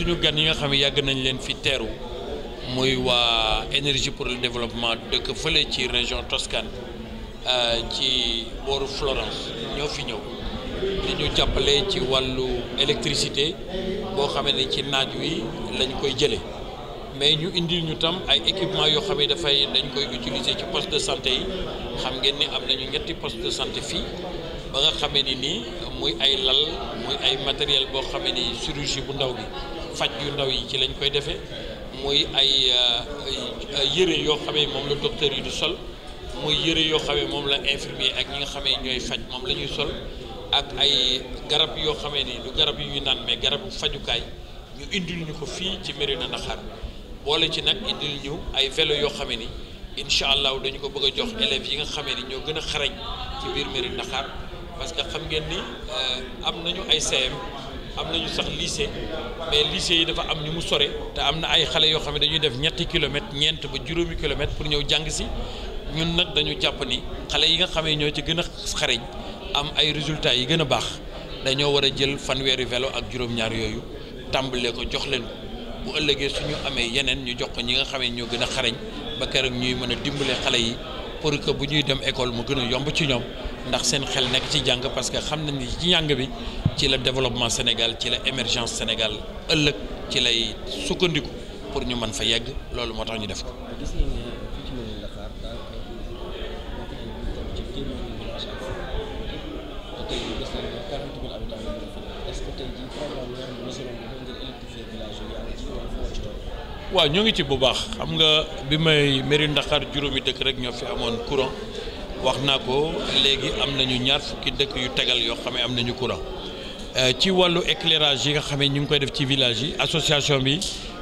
suñu gan yi nga xam ne yàgg nañ leen fi teeru muy waa énergie pour le développement dëkk fële ci région Toscane euh, ci booru Florence ñoo fi ñëw di ñu jàppale ci wàllu électricité boo xamee ne ci naaj wi lañ koy jële mais ñu indi ñu tam ay équipement yoo xam ne dafay dañ koy utiliser ci poste de santé yi xam ngeen ni am nañu ñetti poste de santé fii ba nga xamee ni nii muy ay lal muy ay matériel boo xamee ni chirurgie bu ndaw bi faj yu ndaw yi ci lañ koy defee mooy ay euh, yére yoo xamee moom la docteur du sol muy yëre yoo xamee moom la infirmier ak ñi nga xamee ñooy faj moom la ñuy sol ak ay garab yoo xamee ni du garab yu ñu naan mais garab fajukaay ñu indil ñu ko fii ci Mérina Dakhar boole ci nag indil ñu ay vélo yoo xamee ni incha allah dañu ko bëgg a jox élèves yi nga xamee ni ñoo gën a xarañ ci biir Mérina Dakhar parce que xam ngeen ni euh, am nañu ay CM. am nañu sax lycée mais lycée yi dafa am ñu mu sore te am na ay xale yoo xam ne dañuy def ñetti kilomètres ñeent ba juróomi kilomètres pour ñëw jàng si ñun nag dañu jàpp ni xale yi nga xamee ñoo ci gën a xarañ am ay résultats yi gën a baax dañoo war a jël fanweeri velo ak juróom-ñaar yooyu tàmbalee ko jox leen bu ëllëgee ñu amee yeneen ñu jox ko ñi nga xamee ñoo gën a xarañ ba keroog ñuy mën a dimbale xale yi. pour que bu ñuy dem école mu gën a yomb ci ñoom ndax seen xel nekk ci jàng parce que xam na ni ci njàng bi ci la développement Sénégal ci la émergence Sénégal ëllëg ci lay sukkandiku pour ñu mën fa yegg loolu moo tax ñu def ko. est waa ñu ngi ci bu baax xam nga bi may mairie juróom juróomi dëkk rek ñoo fi amoon courant wax naa ko léegi am nañu ñaar fukki dëkk yu tegal yoo xam ne am nañu courant euh, ci wàllu éclairage yi nga xam ne ñu ngi koy def ci village yi association bi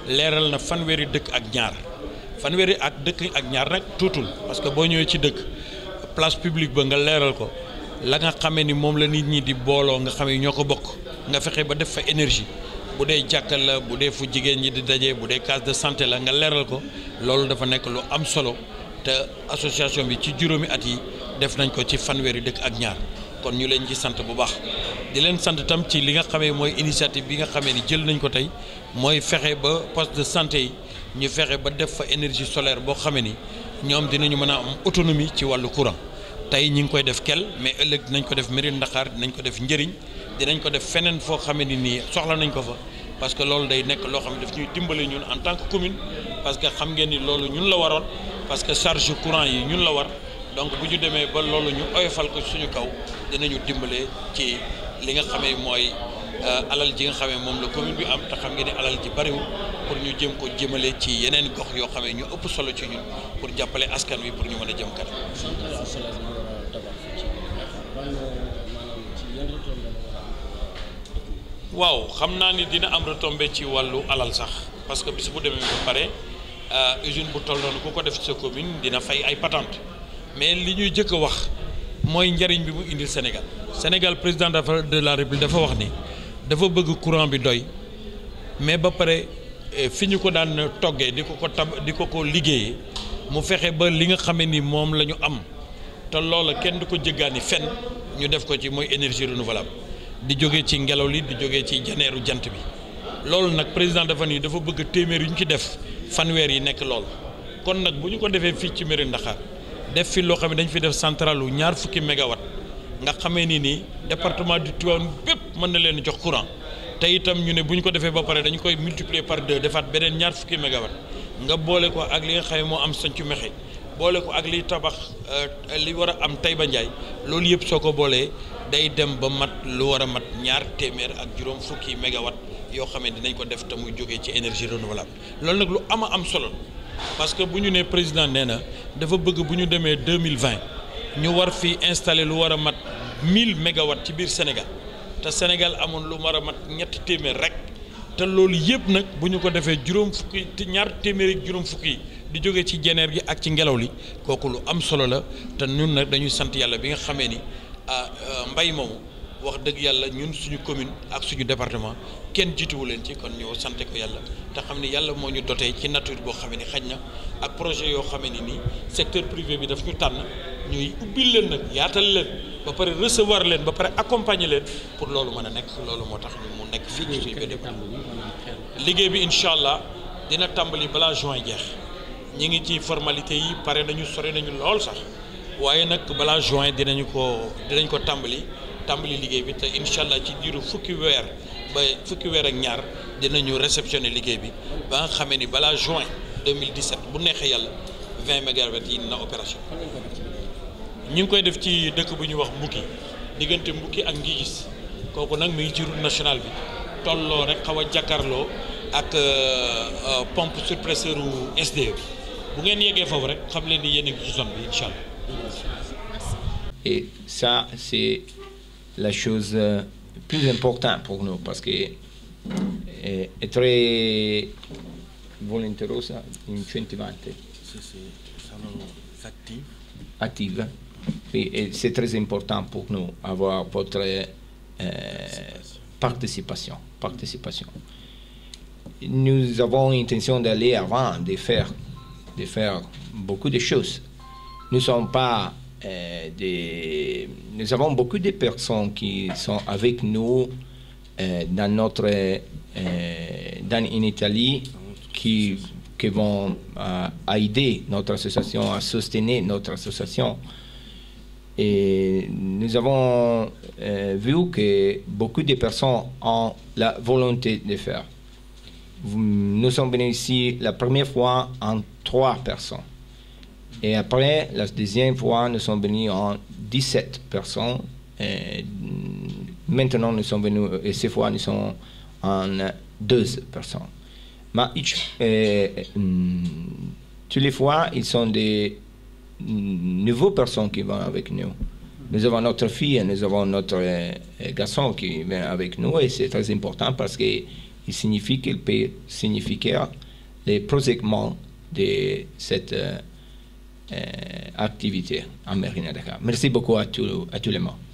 leeral na fanweeri dëkk ak ñaar fanweeri ak dëkk ak ñaar nag tuutul parce que boo ñëwee ci dëkk place publique ba nga leeral ko la nga xamee ni moom la nit ñi di booloo nga xamee ñoo ko bokk nga fexe ba def fa énergie bu dee jàkkal la bu dee fu jigéen ñi di daje bu dee case de santé la nga leeral ko loolu dafa nekk lu am solo te association bi ci juróomi at yi def nañ ko ci fanweeri dëkk ak ñaar kon ñu leen ci sant bu baax di leen sant tam ci li nga xamee mooy initiative bi nga xamee ni jël nañ ko tey mooy fexe ba poste de santé yi ñu fexe ba def fa énergie solaire boo xamee ni ñoom dinañu mën a am autonomie ci wàllu courant tey ñi ngi koy def kel mais ëllëg dinañ ko def Mérina ndaxaar dinañ ko def njëriñ dinañ ko def feneen foo xam ne nii soxla nañ ko fa parce que loolu day nekk loo xam ne def ñuy dimbali ñun en tant que commune parce que xam ngeen ni loolu ñun la waroon parce que charge courant yi ñun la war donc bu ñu demee ba loolu ñu oyofal ko suñu kaw dinañu dimbale ci li nga xamee mooy. Euh, alal ji nga xamee moom la commune bi am te xam nga ne alal ji bariwul pour ñu jëm ko jëmale ci yeneen gox yoo xamee ñu ëpp solo ci ñun pour jàppale askan wi pour ñu mën a jëm kanam. waaw xam naa ni dina am retombé ci wàllu alal sax parce que bis bu demee ba pare euh, usine bu toll noonu ku ko def ci sa commune dina fay ay patente mais li ñuy jëkk a wax mooy njariñ bi mu indil Sénégal Sénégal président de la République dafa wax nii dafa bëgg courant bi doy mais ba pare eh, fi ñu ko daan toggee di ko ko tab di ko ko liggéeyee mu fexe ba li nga xamee ni moom la ñu am te loola kenn du ko jëggaani fenn ñu def ko ci mooy énergie renouvelable di jóge ci ngelaw li di jóge ci janeeru jant bi loolu nag président dafa nii dafa bëgg téeméer yu ñu ci def fanweer yi nekk lool kon nag bu ñu ko defee fii ci mairie Ndaxaar def fi loo xam ne dañu fi def centrale wu ñaar fukki mégawatt nga xamee ni nii département du Tivaouane mën na leen jox courant te itam ñu ne bu ñu ko defee ba pare dañu koy multiplier par deux defaat beneen ñaar fukki mégawatt nga boole ko ak li nga xam moo am sancu mexe boole ko ak liy tabax euh, li war a am Taïba Ndiaye loolu yëpp soo ko boolee day dem ba mat lu war a mat ñaar téeméer ak juróom fukki mégawatt yoo xam ne dinañ ko def tamuy muy jógee ci énergie renouvelable loolu nag lu ama am solo parce que bu ñu nee président nee na dafa bëgg bu ñu demee deux mille vingt ñu war fi installer lu war a mat mille mégawatt ci biir Sénégal. Sénégal amoon lu mar a mat ñetti téeméer rek te loolu yëpp nag bu ñu ko defee juróom fukki ñaar téeméer ak juróom fukki di jóge ci jeneer gi ak ci ngelaw li kooku lu am solo la te ñun nag dañuy sant yàlla bi nga xamee ni ah euh, mbay moomu wax dëgg yàlla ñun suñu commune ak suñu département kenn jiituwu leen ci kon ñoo sante ko yàlla te xam ne yàlla moo ñu dotee ci nature boo xamee ni xaj na ak projet yoo xamee ni nii secteur privé bi daf ñu tànn ñuy ubbil leen nag yaatal leen ba pare recevoir leen ba pare accompagner leen pour loolu mën a nekk loolu moo tax mu nekk fii ci suñu benn liggéey bi incha allah dina tàmbali balaa join jeex ñi ngi ci formalité yi pare nañu sore nañu lool sax waaye nag balaa juin dinañu ko dinañ ko tàmbali tàmbali liggéey bi te incha allah ci diiru fukki weer ba fukki weer ak ñaar dinañu réceptionner liggéey bi ba nga xamee ni balaa juin 2017 bu neexee yàlla vingt mégawatts yi na opération ñu ngi koy def ci dëkk bu ñuy wax Mbuki diggante mbukki ak gis kooku nag mi ngi ci route nationale bi tolloo rek xaw a jàkkaarloo ak euh, euh, pompe surpresseur u SDE bu ngeen yeggee foofu rek xam leen di yéen a ngi ci zone bi incha Et ça, c'est la chose euh, plus importante pour nous parce que est, est très volenterosa, incentivante. Sì, sì, sono attive. Attive. Et c'est très important pour nous avoir votre euh, participation. participation. Nous avons l'intention d'aller avant, de faire, de faire beaucoup de choses. Nous sommes pas euh, des... Nous avons beaucoup de personnes qui sont avec nous euh, dans notre... Euh, dans, en Italie, qui, qui vont euh, aider notre association, à soutenir notre association. Et nous avons euh, vu que beaucoup de personnes ont la volonté de faire. Nous sommes venus ici la première fois en trois personnes. Et après, la deuxième fois, nous sommes venus en 17 personnes. Et maintenant, nous sommes venus, et cette fois, nous sommes en 12 personnes. Mais euh, euh mm, toutes les fois, ils sont des nouveaux personnes qui vont avec nous. Nous avons notre fille, nous avons notre euh, garçon qui vient avec nous et c'est très important parce qu'il signifie qu'il peut signifier les proséquements de cette euh, euh activité en Marina Dakar. Merci beaucoup à, tout, à tous les membres.